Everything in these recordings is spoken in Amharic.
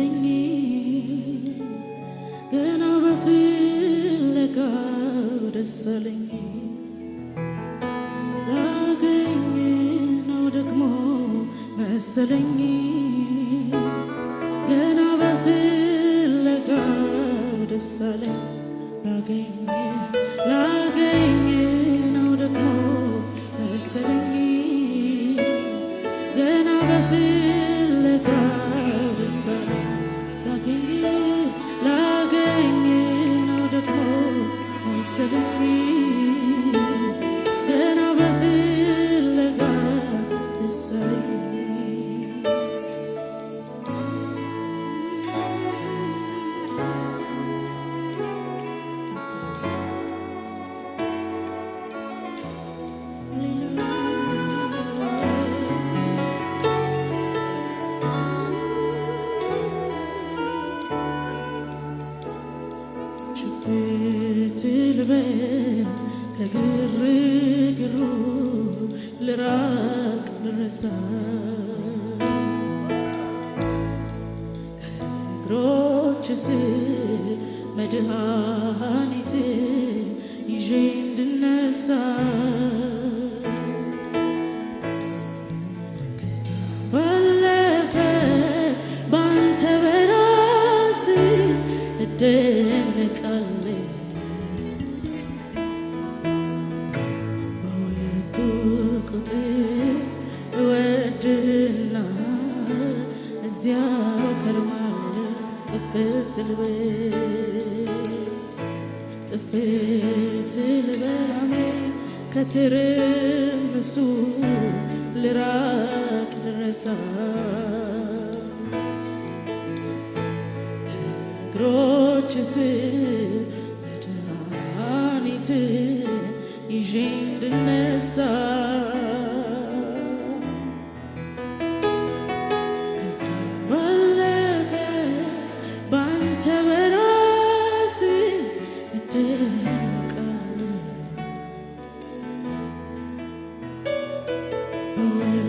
መስለኝ ገና በፍለጋው ደስ አለኝ ላገኝ ነው ደግሞ መስለኝ ገና በፍለጋው ደስ አለኝ ላገኝ ልበል ከግርግሩ ልራቅ ልረሳ ከእግሮች ስር መድኃኒት ይዤ እንድነሳ ልበል ጥፍት ልበል ከትርምሱ ልራቅ ልረሳ እግሮች ስር መድኃኒት ይዤ እንድነሳ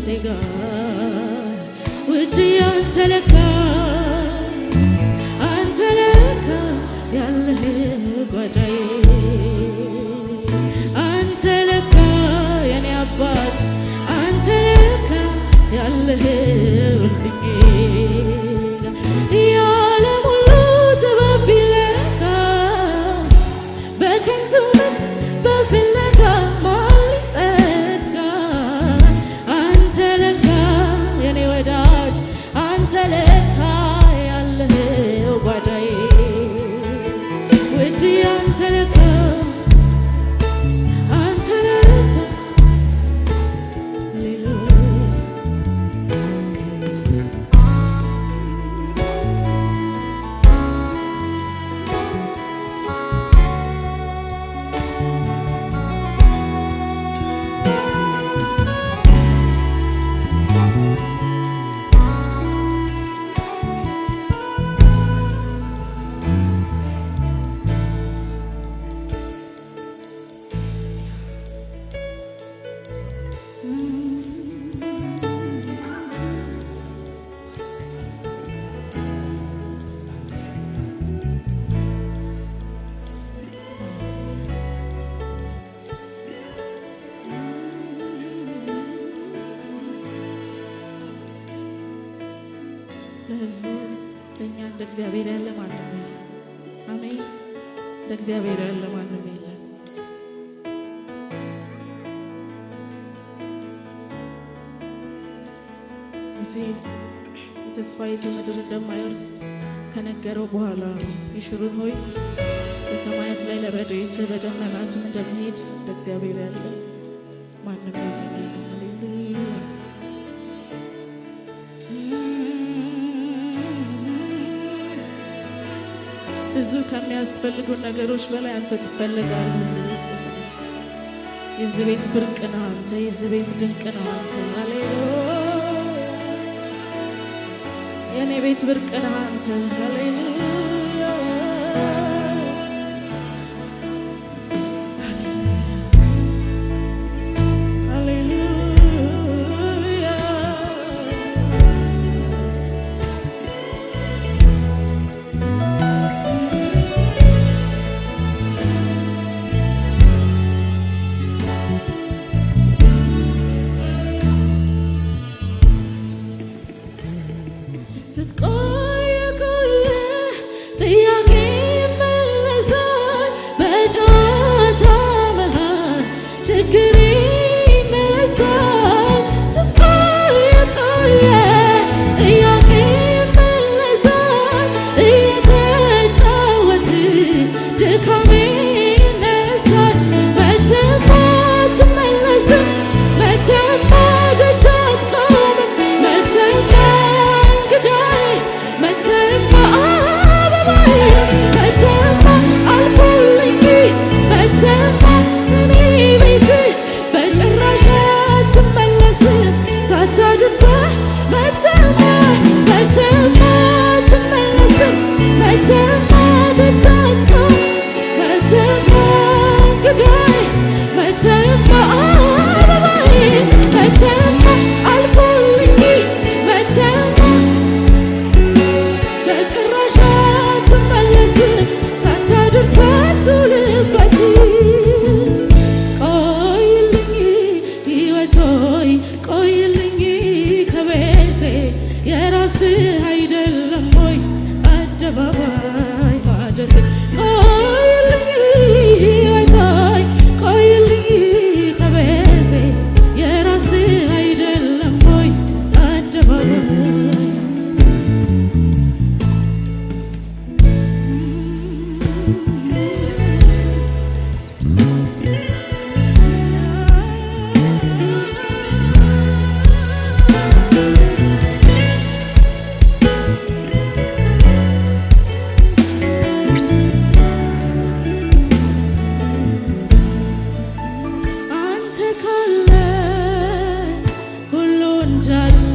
ከህይወቴ ጋር ውድ አንተ ለካ አንተ ለካ ያለህ ጓዳዬ አንተ ለካ የኔ አባት አንተ ለካ ያለህ ህዝቡ እኛ እንደ እግዚአብሔር ያለ ማንም የለም። አሜን። እንደ እግዚአብሔር ያለ ማንም የለም። ሙሴ የተስፋይቱ ምድር እንደማይወርስ ከነገረው በኋላ የሽሩን ሆይ በሰማያት ላይ ለረድኤት በደመናትም እንደሚሄድ እንደ እግዚአብሔር ያለ ማንም የለም። ብዙ ከሚያስፈልጉ ነገሮች በላይ አንተ ትፈልጋለህ። የዚህ ቤት ብርቅ ነው አንተ፣ የዚህ ቤት ድንቅ ነው አንተ። ሃሌሉያ የእኔ ቤት ብርቅ ነው አንተ። ሃሌሉያ undone.